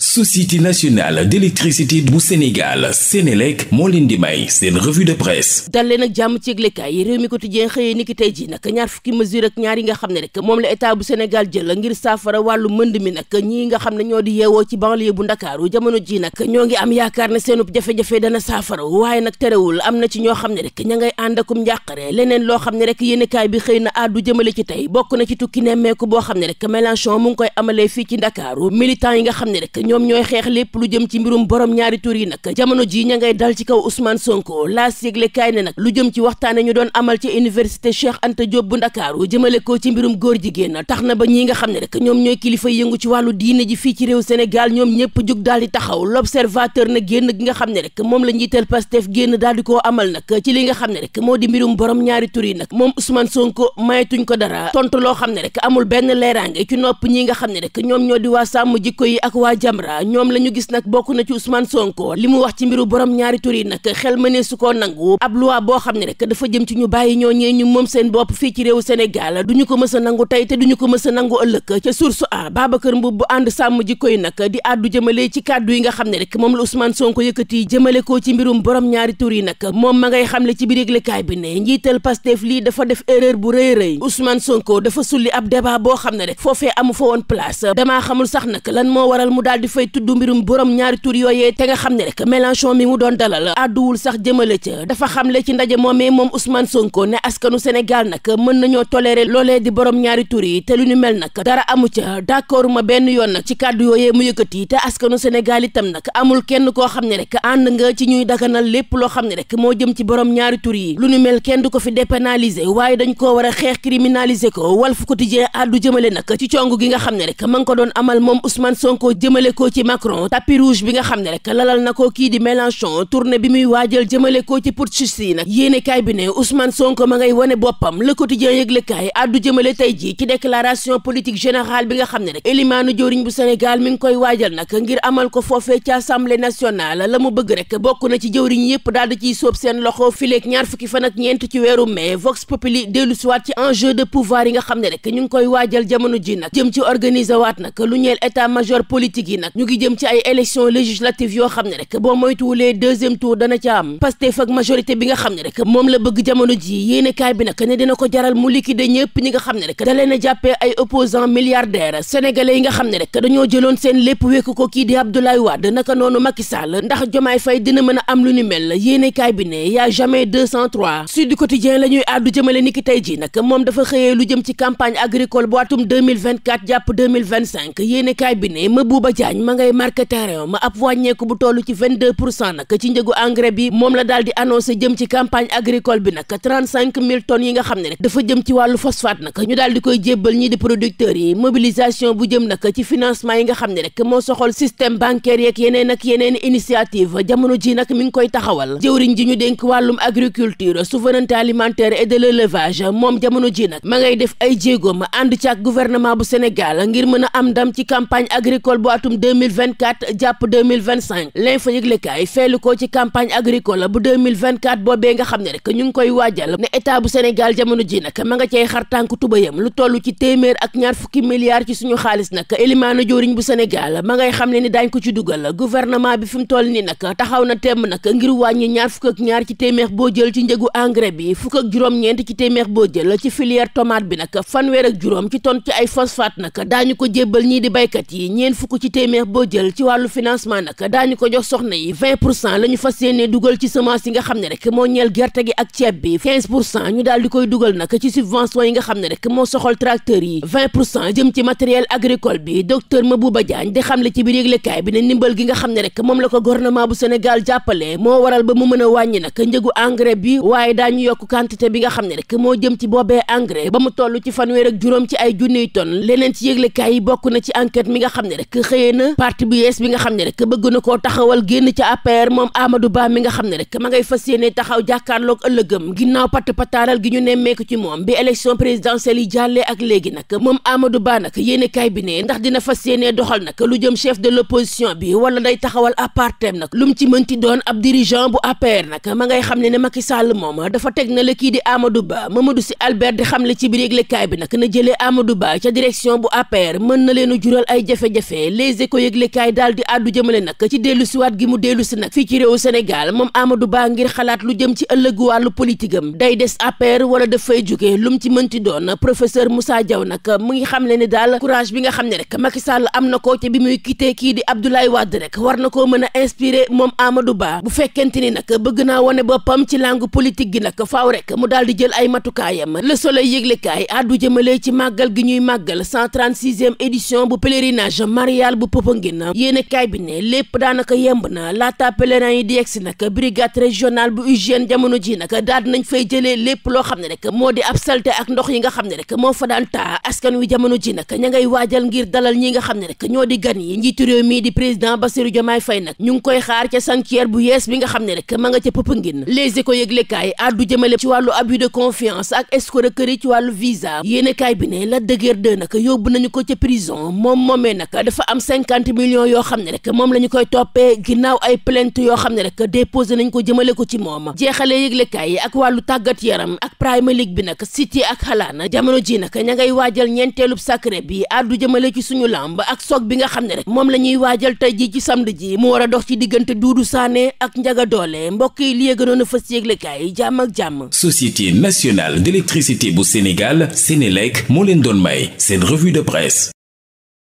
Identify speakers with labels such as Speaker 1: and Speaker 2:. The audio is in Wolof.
Speaker 1: société nationale d'électricité bu Sénégal Sénélec moo leen di may seen revue de presse dal leen ak jàmm ci yëglekaay yi réew mi quotidien xëyee nga xam ne rek moom la état bu Sénégal jël ngir saafara wàllu mënd mi nag ñii nga xam ne ñoo di yeewoo ci banlieue bu Ndakaaru jamono ji nag ñoo ngi am yaakaar ne seenub jafe-jafe dana saafara waaye nag terewul am na ci ñoo xam ne rek ña ngay ànd akum njàqare leneen loo xam ne rek yéenekaay bi xëy na àddu jëmale ci tey bokk na ci tukki nemmeeku boo xam ne rek Mélenchon mu ngi koy amalee fii yi nga xam ne ñoom ñooy xeex lépp lu jëm ci mbirum borom ñaari tur yi nag jamono ji ña ngay dal ci kaw Ousmane Sonko laas nag lu jëm ci waxtaane ñu doon amal ci université Cheikh Anta Diop bu Ndakaaru ci mbirum góor jigéen tax na ba ñi nga xam ne rek ñoom ñooy kilifa yëngu ci wàllu diine ji fii ci réew Sénégal ñoom ñëpp jug daal di taxaw l'observateur na génn gi nga xam ne rek moom la njiital Pastef génn daal di koo amal nag ci li nga xam ne rek moo di mbirum borom ñaari tur yi nag moom Ousmane Sonko mayetuñ ko dara tontu loo xam ne rek amul benn leeraange ci nopp ñi nga xam ne rek ñoom ñoo di waa sàmm jikko yi ak waa jàmm Ambra ñoom la ñu gis nag yi nag rek dafa a a nangu a bu ànd sàmm ji koy nag di àddu jëmale ci kàddu yi nga xam ne rek moom la Ousmane Sonko yëkkati jëmale ko ci mbirum borom ñaari tur yi moom ma ngay xamle ci biir yëglekaay bi ne njiital Pastef lii dafa def erreur bu rëy rëy Ousmane Sonko dafa sulli ab débat boo xam ne rek foofee amu fa woon place damaa xamul sax nag lan moo waral mu daal daal di fay tudd mbirum borom ñaari tur yooyee te nga xam ne rek Mélenchon mi mu doon dalal àdduwul sax jëmale ca dafa xamle ci ndaje moomee moom Ousmane Sonko ne askanu Sénégal nag mën nañoo toléré loolee di borom ñaari yi te lu ñu mel nag dara amu ca d'accord ma benn yoon nag ci kàddu yooyee mu yëkkati te askanu Sénégal itam nag amul kenn koo xam ne rek ànd nga ci ñuy daganal lépp loo xam ne rek moo jëm ci borom ñaari tur yi lu ñu mel kenn du ko fi dépénaliser waaye dañ koo war a xeex criminaliser ko Walf Quotidien àddu jëmale nag ci cong gi nga xam ne rek moom Ousmane Sonko jëmale jëmale ko ci Macron tapis rouge bi nga xam ne rek lalal na ko kii di Mélenchon tournée bi muy waajal jëmale ko ci pour yi nag yéene kaay bi ne Ousmane Sonko ma ngay wane boppam la le quotidien yëgle kaay addu jëmale tey ji ci déclaration politique générale bi nga xam ne rek élimaanu joriñ bu Sénégal mi ngi koy waajal nag ngir amal ko foofee ci assemblée nationale la mu bëgg rek bokk na ci jëwriñ yëpp daal di ciy sóob seen loxo fileeg ñaar fukki fan ak ñeent ci weeru mai Vox Populi dellu siwaat ci enjeu de pouvoir yi nga xam ne rek ñu ngi koy waajal jamono ji nag jëm ci organiser waat nag lu ñeel état major politique yi nag ñu ngi jëm ci ay élection législative yoo xam ne rek boo moytuwulee deuxième tour dana ca am Pastef ak majorité bi nga xam ne rek moom la bëgg jamono ji yéenekaay bi nag ne dina ko jaral mu liquider ñëpp ñi nga xam ne rek da leen a jàppee ay opposants milliardaires sénégalais yi nga xam ne rek dañoo jëloon seen lépp wékk ko kii di Abdoulaye Wade naka noonu Macky Sall ndax Jomaay Fay dina mën a am lu ni mel yéenekaay bi ne y'a jamais 203 Sud Quotidien la ñuy àddu jëmale nikk tey ji nag moom dafa xëyee lu jëm ci campagne agricole bu atum 2024 jàpp 2025 yéenekaay bi ne Mabouba Dia Diagne ma ngay marqué terrain ma ab wàññeeku bu toll ci 22 pour cent nag ci njëgu engrais bi moom la daal di annoncé jëm ci campagne agricole bi nag 35 000 tonnes yi nga xam ne nag dafa jëm ci wàllu phosphate nag ñu daal di koy jébbal ñii di producteurs yi mobilisation bu jëm nag ci financement yi nga xam ne rek moo soxol système bancaire yeeg yeneen ak yeneen initiative jamono ji nag mi ngi koy taxawal jëwriñ ji ñu dénk wàllum agriculture souveraineté alimentaire et de l'élevage moom jamono ji nag ma ngay def ay jéegoom ànd ci ak gouvernement bu Sénégal ngir mën a am ndam ci campagne agricole deux mille vingt quatre jàpp deux mille vingt cinq l'info yëglekaay feelu ko ci campagne agricole bu deux mille vingt quatre boobee nga xam ne rek ñu ngi koy waajal ne état bu Sénégal jamono ji nag ma nga cay xar tànk tubayam lu toll ci téeméer ak ñaar fukki milliards ci suñu xaalis nag élimaana jooriñ bu Sénégal ma ngay xam ne ni daañ ko ci dugal gouvernement bi fi mu toll nii nag taxaw na temm nag ngir wàññi ñaar fukk ak ñaar ci téeméer boo jël ci njëgu engrais bi fukk ak juróom-ñeent ci téeméer boo jël ci filière tomate bi nag fanweer ak juróom ci ton ci ay phosphate nag daañu ko jébbal ñii di baykat yi téeméer boo jël ci wàllu financement nag daañu ko jox soxna yi 20 pour cent la ñu fas yéenee dugal ci semence yi nga xam ne rek moo ñeel gerte gi ak ceeb bi 15 pour cent ñu daal di koy dugal nag ci subvention yi nga xam ne rek moo soxal tracteurs yi 20 pour cent jëm ci matériel agricole bi docteur Mabouba Diagne di xam xamle ci biir yëglekaay bi ne ndimbal gi nga xam ne rek moom la ko gouvernement bu Sénégal jàppale moo waral ba mu mën a wàññi nag njëgu engrais bi waaye daañu yokk quantité bi nga xam ne rek moo jëm ci boobee engrais ba mu toll ci fanweer ak juróom ci ay junniy tonnes leneen ci yëglekaay yi bokk na ci enquête mi nga xam ne rek génn parti bu yees bi nga xam ne rek bëgg na koo taxawal génn ca APR moom Amadou Ba mi nga xam ne rek ma ngay fas yéene taxaw jàkkaarloog ëllëgëm ginnaaw patt pataaral gi ñu nemmeeku ci moom bi élection présidentielle yi jàllee ak léegi nag moom Amadou Ba nag yéene kaay bi ne ndax dina fas yéene doxal nag lu jëm chef de l'opposition bi wala day taxawal apartem nag lu mu ci doon ab dirigeant bu APR nag ma ngay xam ne ne Macky Sall moom a ko yëglekaay daal di àddu jëmale nag ci dellu siwaat gi mu dellu si nag fii ci réew Sénégal moom Amadou Ba ngir xalaat lu jëm ci ëllëgu wàllu politique am day des APR wala daf fay jóge lu mu ci mënti doon professeur Moussa Diaw nag mu ngi xam le ne daal courage bi nga xam ne rek Macky Sall am na ko ci bi muy quitté kii di Abdoulaye Wade rekk war na koo mën a inspiré moom Amadou Ba bu fekkente ni nag bëgg naa wane boppam ci langue politique gi nag faaw rek mu daal di jël ay matukaayam le soleil yëglekaay àddu jëmale ci màggal gi ñuy màggal 136e édition bu pèlerinage marial Popenguine yéene kaay bi ne lépp daanaka yemb na laata pèlerin yi di yegsi nag brigade régionale bu hygiène jamono ji nag daal nañ fay jëlee lépp loo xam ne rek moo di ab saleté ak ndox yi nga xam ne rek moo fa daan taa askan wi jamono ji nag ña ngay waajal ngir dalal ñi nga xam ne rek ñoo di gan yi njiitu mii di président Bassirou Diomaye Faye nag ñu ngi koy xaar ca sanctuaire bu yees bi nga xam ne rek ma nga ca Popenguine Les Échos yëglekaay addu jëmale ci wàllu abus de confiance ak escroquerie ci wàllu visa yéene kaay bi ne la dëgër de nag yóbbu nañu ko ca prison moom moomee nag cinquante millions yoo xam ne rek moom la ñu koy toppee ginnaaw ay plainte yoo xam ne rek déposé nañ ko jëmale ko ci moom jeexalee yëglekaay yi ak wàllu tàggat yaram ak Premier bi nag City ak Haaland jamono ji nag ña ngay waajal ñeenteelub sacré bi àddu jëmale ci suñu làmb ak soog bi nga xam ne rek moom la ñuy waajal tey ji ci samedi ji mu war a dox ci diggante Doudou Sané ak Ndiaga Dollé mbokk yi li yëgënoon a fës yëglekaay yi jàmm ak jàmm. Société nationale d'électricité bu Sénégal Sénélec moo leen doon may seen revue de presse.